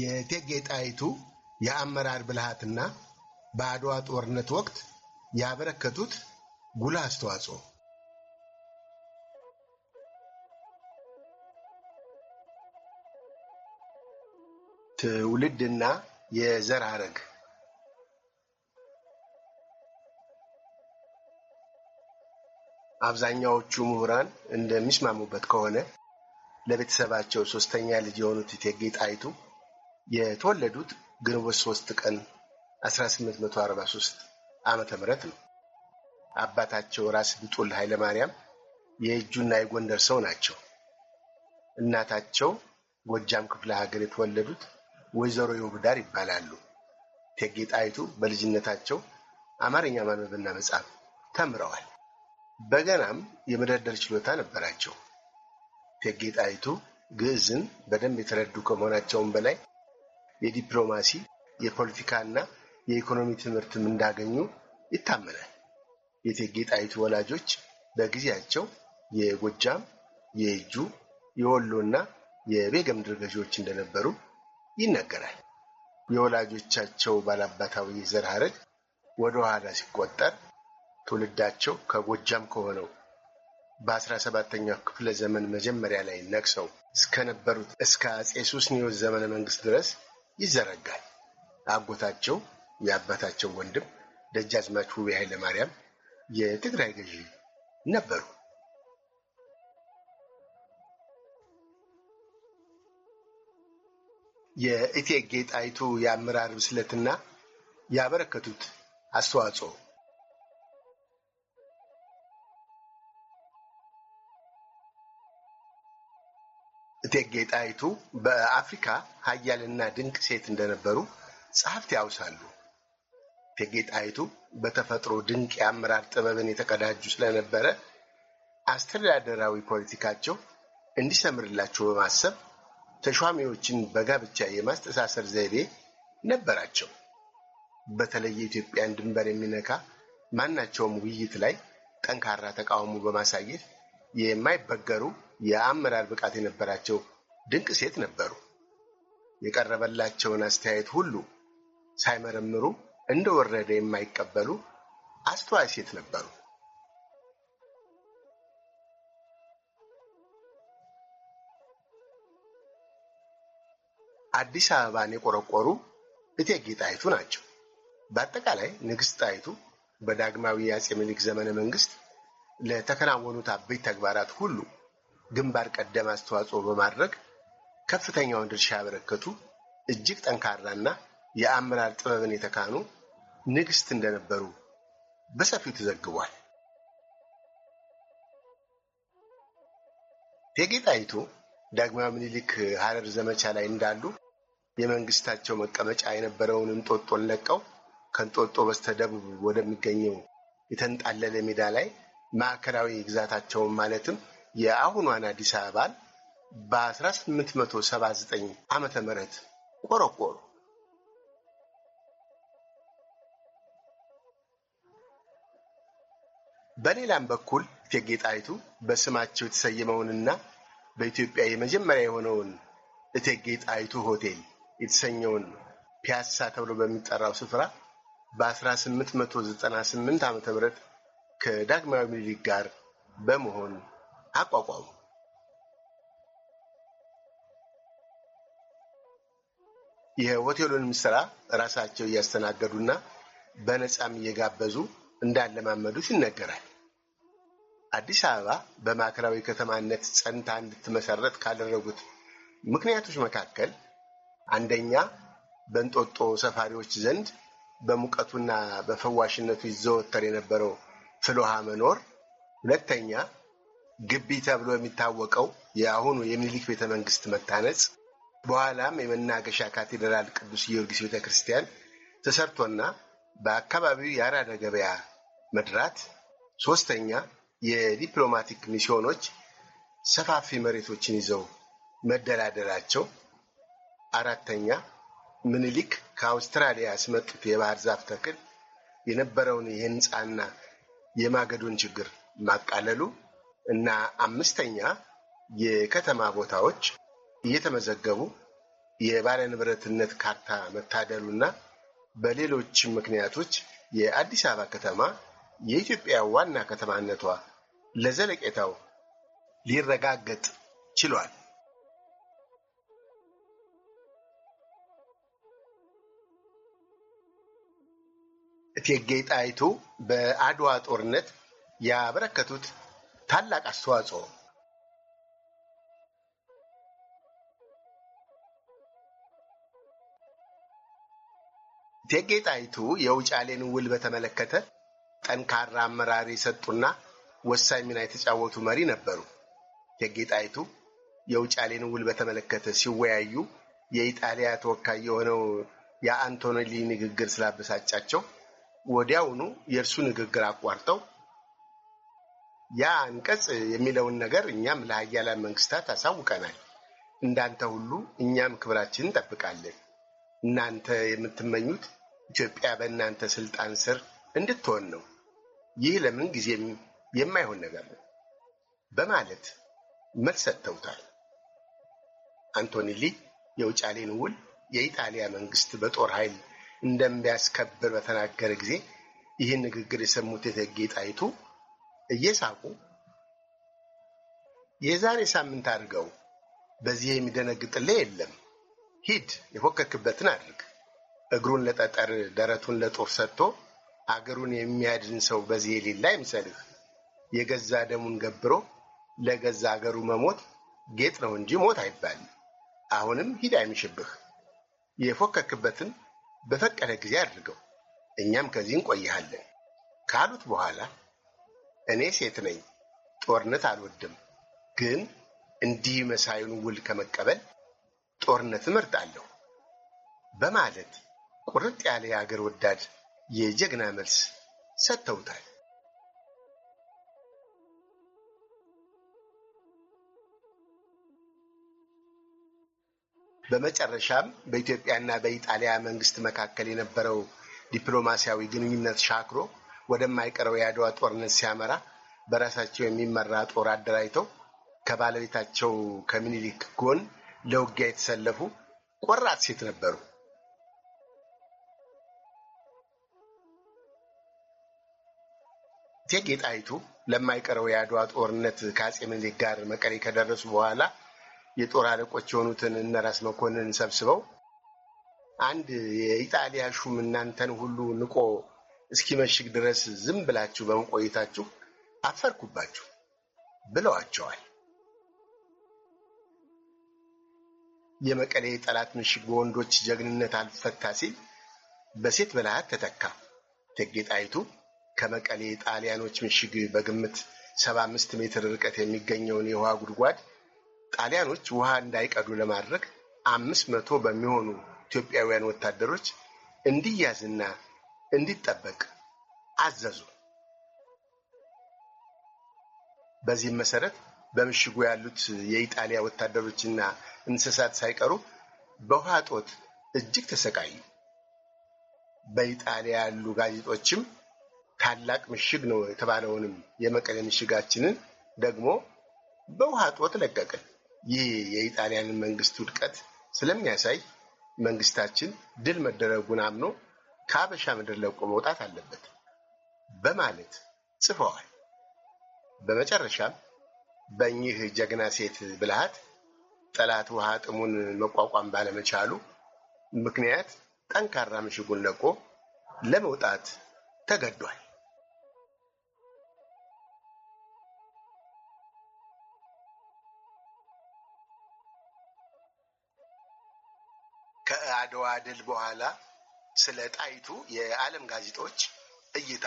የእቴጌ ጣይቱ የአመራር ብልሃትና በአድዋ ጦርነት ወቅት ያበረከቱት ጉልህ አስተዋጽኦ ትውልድና የዘር ሐረግ አብዛኛዎቹ ምሁራን እንደሚስማሙበት ከሆነ ለቤተሰባቸው ሶስተኛ ልጅ የሆኑት እቴጌ ጣይቱ የተወለዱት ግንቦት 3 ቀን 1843 ዓመተ ምህረት ነው። አባታቸው ራስ ብጡል ኃይለ ማርያም የእጁና የጎንደር ሰው ናቸው። እናታቸው ጎጃም ክፍለ ሀገር የተወለዱት ወይዘሮ የውብዳር ይባላሉ። እቴጌ ጣይቱ በልጅነታቸው አማርኛ ማንበብና መጻፍ ተምረዋል። በገናም የመደርደር ችሎታ ነበራቸው። እቴጌ ጣይቱ ግዕዝን በደንብ የተረዱ ከመሆናቸውም በላይ የዲፕሎማሲ የፖለቲካና የኢኮኖሚ ትምህርትም እንዳገኙ ይታመናል። የእቴጌ ጣይቱ ወላጆች በጊዜያቸው የጎጃም፣ የእጁ፣ የወሎና የቤገምድር ገዢዎች እንደነበሩ ይነገራል። የወላጆቻቸው ባላባታዊ ዘር ሐረግ ወደ ኋላ ሲቆጠር ትውልዳቸው ከጎጃም ከሆነው በአስራ ሰባተኛው ክፍለ ዘመን መጀመሪያ ላይ ነቅሰው እስከነበሩት እስከ አጼ ሱስንዮስ ዘመነ መንግስት ድረስ ይዘረጋል። አጎታቸው የአባታቸው ወንድም ደጃዝማች ውቤ ኃይለ ማርያም የትግራይ ገዢ ነበሩ። የእቴጌ ጣይቱ የአመራር ብስለትና ያበረከቱት አስተዋጽኦ እቴጌ ጣይቱ በአፍሪካ ሀያልና ድንቅ ሴት እንደነበሩ ጸሐፍት ያውሳሉ። እቴጌ ጣይቱ በተፈጥሮ ድንቅ የአመራር ጥበብን የተቀዳጁ ስለነበረ አስተዳደራዊ ፖለቲካቸው እንዲሰምርላቸው በማሰብ ተሿሚዎችን በጋብቻ የማስተሳሰር ዘይቤ ነበራቸው። በተለይ የኢትዮጵያን ድንበር የሚነካ ማናቸውም ውይይት ላይ ጠንካራ ተቃውሞ በማሳየት የማይበገሩ የአመራር ብቃት የነበራቸው ድንቅ ሴት ነበሩ። የቀረበላቸውን አስተያየት ሁሉ ሳይመረምሩ እንደወረደ የማይቀበሉ አስተዋይ ሴት ነበሩ። አዲስ አበባን የቆረቆሩ እቴጌ ጣይቱ ናቸው። በአጠቃላይ ንግሥት ጣይቱ በዳግማዊ የአፄ ምኒልክ ዘመነ መንግስት ለተከናወኑት አበይት ተግባራት ሁሉ ግንባር ቀደም አስተዋጽኦ በማድረግ ከፍተኛውን ድርሻ ያበረከቱ እጅግ ጠንካራና የአመራር ጥበብን የተካኑ ንግሥት እንደነበሩ በሰፊው ተዘግቧል። እቴጌ ጣይቱ ዳግማዊ ምኒልክ ሐረር ዘመቻ ላይ እንዳሉ የመንግስታቸው መቀመጫ የነበረውን እንጦጦን ለቀው ከእንጦጦ በስተደቡብ ወደሚገኘው የተንጣለለ ሜዳ ላይ ማዕከላዊ ግዛታቸውን ማለትም የአሁኗን አዲስ አበባን በ1879 ዓመተ ምህረት ቆረቆሩ። በሌላም በኩል እቴጌ ጣይቱ በስማቸው የተሰየመውንና በኢትዮጵያ የመጀመሪያ የሆነውን እቴጌ ጣይቱ ሆቴል የተሰኘውን ፒያሳ ተብሎ በሚጠራው ስፍራ በ1898 ም ከዳግማዊ ምኒልክ ጋር በመሆን አቋቋሙ። የሆቴሉንም ስራ ራሳቸው እያስተናገዱና በነፃም እየጋበዙ እንዳለማመዱት ይነገራል። አዲስ አበባ በማዕከላዊ ከተማነት ጸንታ እንድትመሰረት ካደረጉት ምክንያቶች መካከል አንደኛ በእንጦጦ ሰፋሪዎች ዘንድ በሙቀቱና በፈዋሽነቱ ይዘወተር የነበረው ፍልውሃ መኖር፣ ሁለተኛ ግቢ ተብሎ የሚታወቀው የአሁኑ የምኒልክ ቤተ መንግስት መታነጽ በኋላም የመናገሻ ካቴድራል ቅዱስ ጊዮርጊስ ቤተ ክርስቲያን ተሰርቶና በአካባቢው የአራዳ ገበያ መድራት፣ ሶስተኛ የዲፕሎማቲክ ሚስዮኖች ሰፋፊ መሬቶችን ይዘው መደላደላቸው፣ አራተኛ ምኒልክ ከአውስትራሊያ ያስመጡት የባህር ዛፍ ተክል የነበረውን የህንፃና የማገዶን ችግር ማቃለሉ እና አምስተኛ የከተማ ቦታዎች እየተመዘገቡ የባለ ንብረትነት ካርታ እና በሌሎች ምክንያቶች የአዲስ አበባ ከተማ የኢትዮጵያ ዋና ከተማነቷ ለዘለቄታው ሊረጋገጥ ችሏል። እቴጌ ጣይቱ በአድዋ ጦርነት ያበረከቱት ታላቅ አስተዋጽኦ እቴጌ ጣይቱ የውጫሌን ውል በተመለከተ ጠንካራ አመራር የሰጡና ወሳኝ ሚና የተጫወቱ መሪ ነበሩ። እቴጌ ጣይቱ የውጫሌን ውል በተመለከተ ሲወያዩ የኢጣሊያ ተወካይ የሆነው የአንቶኔሊ ንግግር ስላበሳጫቸው ወዲያውኑ የእርሱ ንግግር አቋርጠው ያ አንቀጽ የሚለውን ነገር እኛም ለሀያላን መንግስታት አሳውቀናል። እንዳንተ ሁሉ እኛም ክብራችን እንጠብቃለን። እናንተ የምትመኙት ኢትዮጵያ በእናንተ ስልጣን ስር እንድትሆን ነው። ይህ ለምን ጊዜም የማይሆን ነገር ነው በማለት መልስ ሰጥተውታል። አንቶኒሊ የውጫሌን ውል የኢጣሊያ መንግስት በጦር ኃይል እንደሚያስከብር በተናገረ ጊዜ ይህን ንግግር የሰሙት እቴጌ ጣይቱ እየሳቁ የዛሬ ሳምንት አድርገው በዚህ የሚደነግጥልህ የለም። ሂድ የፎከክበትን አድርግ። እግሩን ለጠጠር ደረቱን ለጦር ሰጥቶ አገሩን የሚያድን ሰው በዚህ የሌላ አይምሰልህ። የገዛ ደሙን ገብሮ ለገዛ አገሩ መሞት ጌጥ ነው እንጂ ሞት አይባልም። አሁንም ሂድ አይምሽብህ። የፎከክበትን በፈቀደ ጊዜ አድርገው፣ እኛም ከዚህ እንቆይሃለን ካሉት በኋላ እኔ ሴት ነኝ፣ ጦርነት አልወድም፣ ግን እንዲህ መሳዩን ውል ከመቀበል ጦርነት እመርጣለሁ በማለት ቁርጥ ያለ የአገር ወዳድ የጀግና መልስ ሰጥተውታል። በመጨረሻም በኢትዮጵያና በኢጣሊያ መንግስት መካከል የነበረው ዲፕሎማሲያዊ ግንኙነት ሻክሮ ወደማይቀረው የአድዋ ጦርነት ሲያመራ በራሳቸው የሚመራ ጦር አደራጅተው ከባለቤታቸው ከሚኒሊክ ጎን ለውጊያ የተሰለፉ ቆራጥ ሴት ነበሩ። እቴጌ ጣይቱ ለማይቀረው የአድዋ ጦርነት ከአጼ ምኒልክ ጋር መቀሌ ከደረሱ በኋላ የጦር አለቆች የሆኑትን እነራስ መኮንን ሰብስበው አንድ የኢጣሊያ ሹም እናንተን ሁሉ ንቆ እስኪመሽግ ድረስ ዝም ብላችሁ በመቆየታችሁ አፈርኩባችሁ ብለዋቸዋል። የመቀሌ ጠላት ምሽግ በወንዶች ጀግንነት አልፈታ ሲል በሴት ብልሃት ተተካ። እቴጌ ጣይቱ ከመቀሌ ጣሊያኖች ምሽግ በግምት 75 ሜትር ርቀት የሚገኘውን የውሃ ጉድጓድ ጣሊያኖች ውሃ እንዳይቀዱ ለማድረግ አምስት መቶ በሚሆኑ ኢትዮጵያውያን ወታደሮች እንዲያዝና እንዲጠበቅ አዘዙ። በዚህም መሰረት በምሽጉ ያሉት የኢጣሊያ ወታደሮችና እንስሳት ሳይቀሩ በውሃ ጦት እጅግ ተሰቃዩ። በኢጣሊያ ያሉ ጋዜጦችም ታላቅ ምሽግ ነው የተባለውንም የመቀሌ ምሽጋችንን ደግሞ በውሃ ጦት ለቀቅን። ይህ የኢጣሊያንን መንግስት ውድቀት ስለሚያሳይ መንግስታችን ድል መደረጉን አምኖ ከአበሻ ምድር ለቆ መውጣት አለበት በማለት ጽፈዋል። በመጨረሻም በእኚህ ጀግና ሴት ብልሃት ጠላት ውሃ ጥሙን መቋቋም ባለመቻሉ ምክንያት ጠንካራ ምሽጉን ለቆ ለመውጣት ተገዷል። ከአድዋ ድል በኋላ ስለ ጣይቱ የዓለም ጋዜጦች እይታ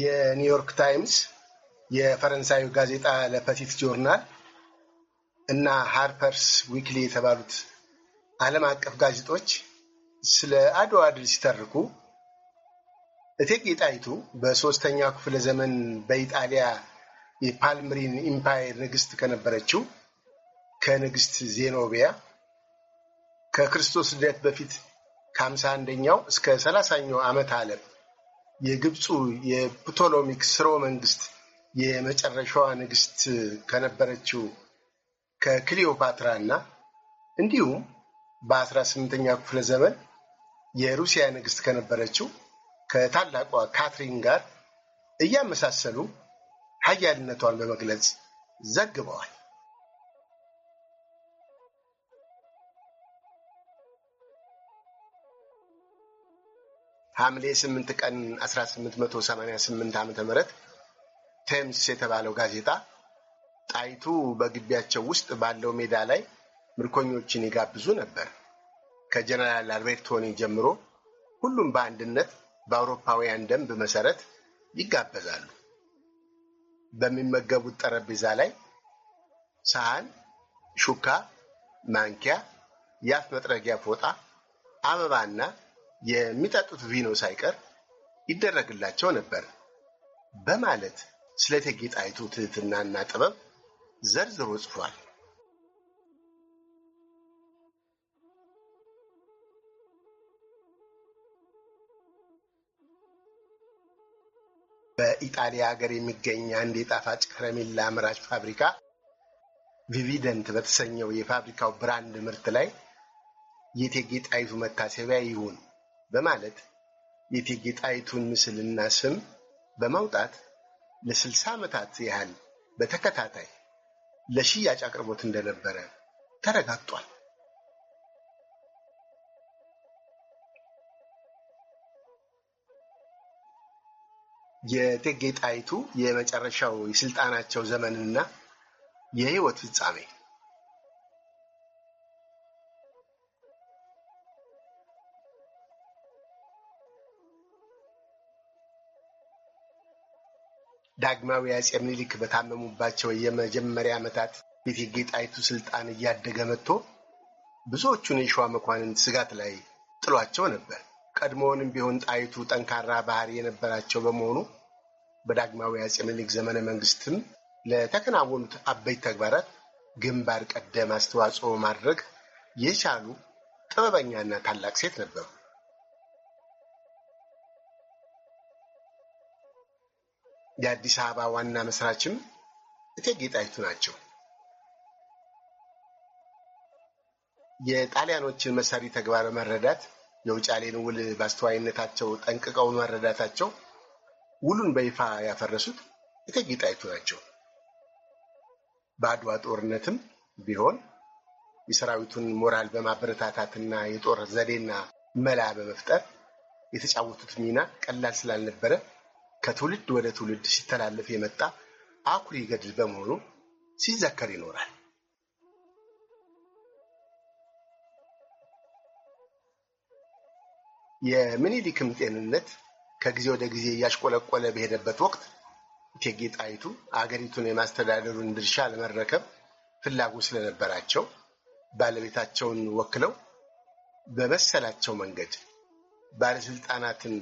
የኒውዮርክ ታይምስ፣ የፈረንሳዩ ጋዜጣ ለፐቲት ጆርናል እና ሃርፐርስ ዊክሊ የተባሉት ዓለም አቀፍ ጋዜጦች ስለ አድዋ ድል ሲተርኩ እቴጌ ጣይቱ በሦስተኛው ክፍለ ዘመን በኢጣሊያ የፓልምሪን ኢምፓየር ንግስት ከነበረችው ከንግስት ዜኖቢያ ከክርስቶስ ልደት በፊት ከሀምሳ አንደኛው እስከ ሰላሳኛው ዓመት ዓለም የግብፁ የፕቶሎሚክ ስርወ መንግስት የመጨረሻዋ ንግስት ከነበረችው ከክሊዮፓትራ እና እንዲሁም በአስራ ስምንተኛ ክፍለ ዘመን የሩሲያ ንግስት ከነበረችው ከታላቋ ካትሪን ጋር እያመሳሰሉ ሀያልነቷን በመግለጽ ዘግበዋል። ሐምሌ 8 ቀን 1888 ዓ.ም ቴምስ የተባለው ጋዜጣ ጣይቱ በግቢያቸው ውስጥ ባለው ሜዳ ላይ ምርኮኞችን ይጋብዙ ነበር። ከጀነራል አልቤርቶኒ ጀምሮ ሁሉም በአንድነት በአውሮፓውያን ደንብ መሰረት ይጋበዛሉ። በሚመገቡት ጠረጴዛ ላይ ሳህን፣ ሹካ፣ ማንኪያ፣ የአፍ መጥረጊያ ፎጣ፣ አበባና የሚጠጡት ቪኖ ሳይቀር ይደረግላቸው ነበር በማለት ስለ እቴጌ ጣይቱ ትህትናና ጥበብ ዘርዝሮ ጽፏል። በኢጣሊያ ሀገር የሚገኝ አንድ የጣፋጭ ከረሜላ አምራች ፋብሪካ ቪቪደንት በተሰኘው የፋብሪካው ብራንድ ምርት ላይ የእቴጌ ጣይቱ መታሰቢያ ይሁን በማለት የእቴጌ ጣይቱን ምስልና ስም በማውጣት ለ60 ዓመታት ያህል በተከታታይ ለሽያጭ አቅርቦት እንደነበረ ተረጋግጧል። የእቴጌ ጣይቱ የመጨረሻው የስልጣናቸው ዘመንና የህይወት ፍጻሜ ዳግማዊ አጼ ምኒልክ በታመሙባቸው የመጀመሪያ ዓመታት የእቴጌ ጣይቱ ስልጣን እያደገ መጥቶ ብዙዎቹን የሸዋ መኳንንት ስጋት ላይ ጥሏቸው ነበር። ቀድሞውንም ቢሆን ጣይቱ ጠንካራ ባህሪ የነበራቸው በመሆኑ በዳግማዊ አጼ ምኒልክ ዘመነ መንግስትም ለተከናወኑት አበይት ተግባራት ግንባር ቀደም አስተዋጽኦ ማድረግ የቻሉ ጥበበኛና ታላቅ ሴት ነበሩ። የአዲስ አበባ ዋና መስራችም እቴጌ ጣይቱ ናቸው። የጣሊያኖችን መሰሪ ተግባር በመረዳት የውጫሌን ውል በአስተዋይነታቸው ጠንቅቀው መረዳታቸው ውሉን በይፋ ያፈረሱት እቴጌ ጣይቱ ናቸው። በአድዋ ጦርነትም ቢሆን የሰራዊቱን ሞራል በማበረታታትና የጦር ዘዴና መላ በመፍጠር የተጫወቱት ሚና ቀላል ስላልነበረ ከትውልድ ወደ ትውልድ ሲተላለፍ የመጣ አኩሪ ገድል በመሆኑ ሲዘከር ይኖራል። የምኒልክም ጤንነት ከጊዜ ወደ ጊዜ እያሽቆለቆለ በሄደበት ወቅት እቴጌ ጣይቱ አገሪቱን የማስተዳደሩን ድርሻ ለመረከብ ፍላጎት ስለነበራቸው ባለቤታቸውን ወክለው በመሰላቸው መንገድ ባለስልጣናትን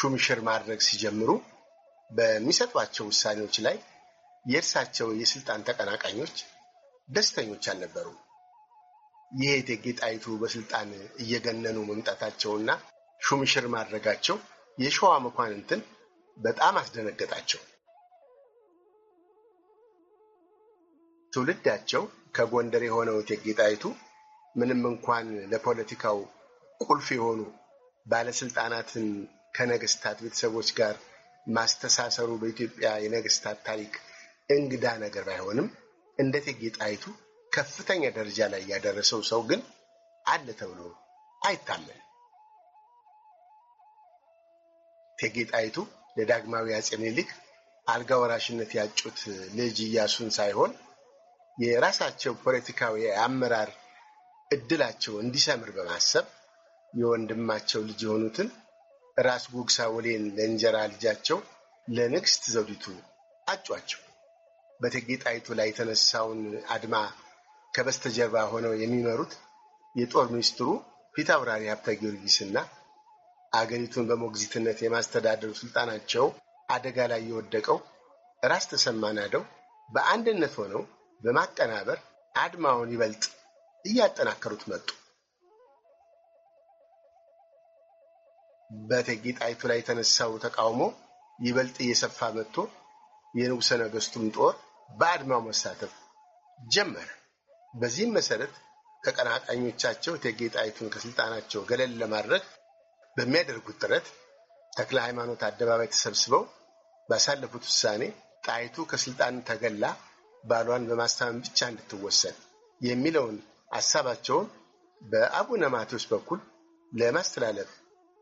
ሹምሽር ማድረግ ሲጀምሩ በሚሰጧቸው ውሳኔዎች ላይ የእርሳቸው የስልጣን ተቀናቃኞች ደስተኞች አልነበሩም። ይህ እቴጌ ጣይቱ በስልጣን እየገነኑ መምጣታቸውና ሹምሽር ማድረጋቸው የሸዋ መኳንንትን በጣም አስደነገጣቸው። ትውልዳቸው ከጎንደር የሆነው እቴጌ ጣይቱ ምንም እንኳን ለፖለቲካው ቁልፍ የሆኑ ባለስልጣናትን ከነገስታት ቤተሰቦች ጋር ማስተሳሰሩ በኢትዮጵያ የነገስታት ታሪክ እንግዳ ነገር ባይሆንም እንደ እቴጌ ጣይቱ ከፍተኛ ደረጃ ላይ ያደረሰው ሰው ግን አለ ተብሎ አይታመንም። እቴጌ ጣይቱ ለዳግማዊ አጼ ምኒልክ አልጋ ወራሽነት ያጩት ልጅ እያሱን ሳይሆን የራሳቸው ፖለቲካዊ አመራር እድላቸው እንዲሰምር በማሰብ የወንድማቸው ልጅ የሆኑትን ራስ ጉግሳ ወሌን ለእንጀራ ልጃቸው ለንግስት ዘውዲቱ አጯቸው። በእቴጌ ጣይቱ ላይ የተነሳውን አድማ ከበስተጀርባ ሆነው የሚመሩት የጦር ሚኒስትሩ ፊት አውራሪ ሀብተ ጊዮርጊስና አገሪቱን በሞግዚትነት የማስተዳደሩ ስልጣናቸው አደጋ ላይ የወደቀው ራስ ተሰማ ናደው በአንድነት ሆነው በማቀናበር አድማውን ይበልጥ እያጠናከሩት መጡ። በእቴጌ ጣይቱ ላይ የተነሳው ተቃውሞ ይበልጥ እየሰፋ መጥቶ የንጉሠ ነገሥቱም ጦር በአድማው መሳተፍ ጀመረ። በዚህም መሰረት ተቀናቃኞቻቸው እቴጌ ጣይቱን ከስልጣናቸው ገለል ለማድረግ በሚያደርጉት ጥረት ተክለ ሃይማኖት አደባባይ ተሰብስበው ባሳለፉት ውሳኔ ጣይቱ ከስልጣን ተገላ ባሏን በማስታመም ብቻ እንድትወሰን የሚለውን ሀሳባቸውን በአቡነ ማቴዎስ በኩል ለማስተላለፍ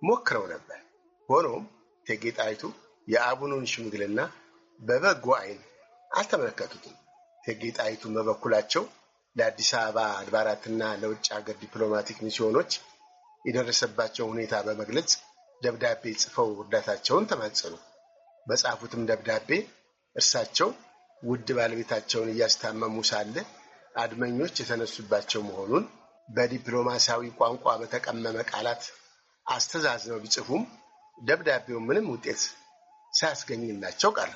ሞክረው ነበር። ሆኖም እቴጌ ጣይቱ የአቡኑን ሽምግልና በበጎ ዓይን አልተመለከቱትም። እቴጌ ጣይቱን በበኩላቸው ለአዲስ አበባ አድባራትና ለውጭ ሀገር ዲፕሎማቲክ ሚስዮኖች የደረሰባቸው ሁኔታ በመግለጽ ደብዳቤ ጽፈው እርዳታቸውን ተማጸኑ። በጻፉትም ደብዳቤ እርሳቸው ውድ ባለቤታቸውን እያስታመሙ ሳለ አድመኞች የተነሱባቸው መሆኑን በዲፕሎማሲያዊ ቋንቋ በተቀመመ ቃላት አስተዛዝነው ቢጽፉም ደብዳቤው ምንም ውጤት ሳያስገኝላቸው ቀረ።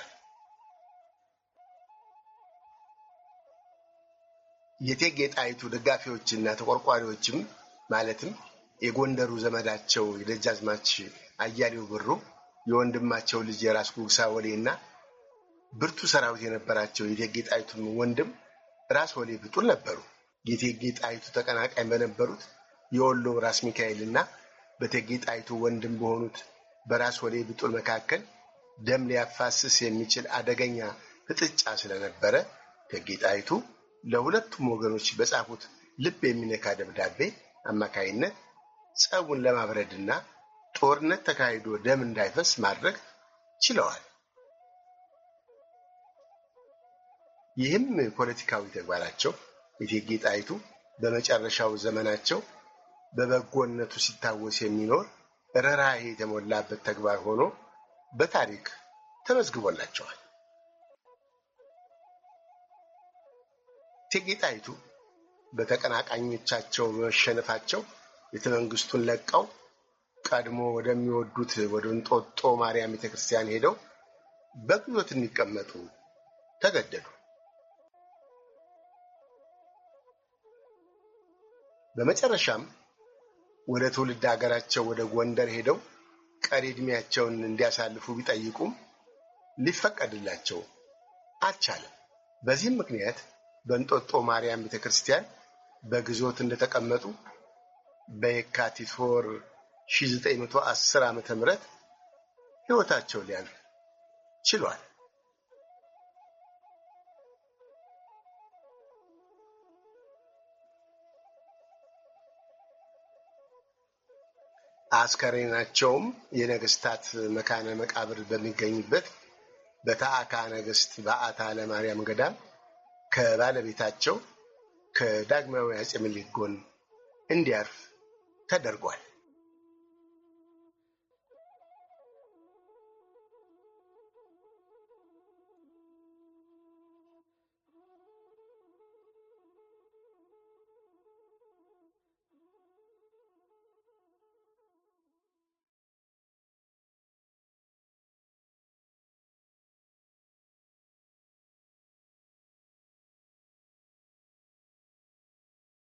የእቴጌ ጣይቱ ደጋፊዎችና ተቆርቋሪዎችም ማለትም የጎንደሩ ዘመዳቸው የደጃዝማች አያሌው ብሩ የወንድማቸው ልጅ የራስ ጉግሳ ወሌ እና ብርቱ ሰራዊት የነበራቸው የእቴጌ ጣይቱም ወንድም ራስ ወሌ ብጡል ነበሩ። የእቴጌ ጣይቱ ተቀናቃኝ በነበሩት የወሎ ራስ ሚካኤል እና በእቴጌ ጣይቱ ወንድም በሆኑት በራስ ወሌ ብጡል መካከል ደም ሊያፋስስ የሚችል አደገኛ ፍጥጫ ስለነበረ እቴጌ ጣይቱ ለሁለቱም ወገኖች በጻፉት ልብ የሚነካ ደብዳቤ አማካይነት ጸቡን ለማብረድና ጦርነት ተካሂዶ ደም እንዳይፈስ ማድረግ ችለዋል። ይህም ፖለቲካዊ ተግባራቸው እቴጌ ጣይቱ በመጨረሻው ዘመናቸው በበጎነቱ ሲታወስ የሚኖር ርኅራኄ የተሞላበት ተግባር ሆኖ በታሪክ ተመዝግቦላቸዋል። እቴጌ ጣይቱ በተቀናቃኞቻቸው በመሸነፋቸው ቤተመንግስቱን ለቀው ቀድሞ ወደሚወዱት ወደ እንጦጦ ማርያም ቤተክርስቲያን ሄደው በግዞት እንዲቀመጡ ተገደዱ። በመጨረሻም ወደ ትውልድ ሀገራቸው ወደ ጎንደር ሄደው ቀሪ ዕድሜያቸውን እንዲያሳልፉ ቢጠይቁም ሊፈቀድላቸው አልቻለም። በዚህም ምክንያት በእንጦጦ ማርያም ቤተክርስቲያን በግዞት እንደተቀመጡ በየካቲት ወር 1910 ዓመተ ምህረት ሕይወታቸው ሊያልፍ ችሏል። አስከሬናቸውም የነገስታት መካነ መቃብር በሚገኝበት በታዕካ ነገስት በአታ ለማርያም ገዳም ከባለቤታቸው ከዳግማዊ አፄ ምኒልክ ጎን እንዲያርፍ ተደርጓል።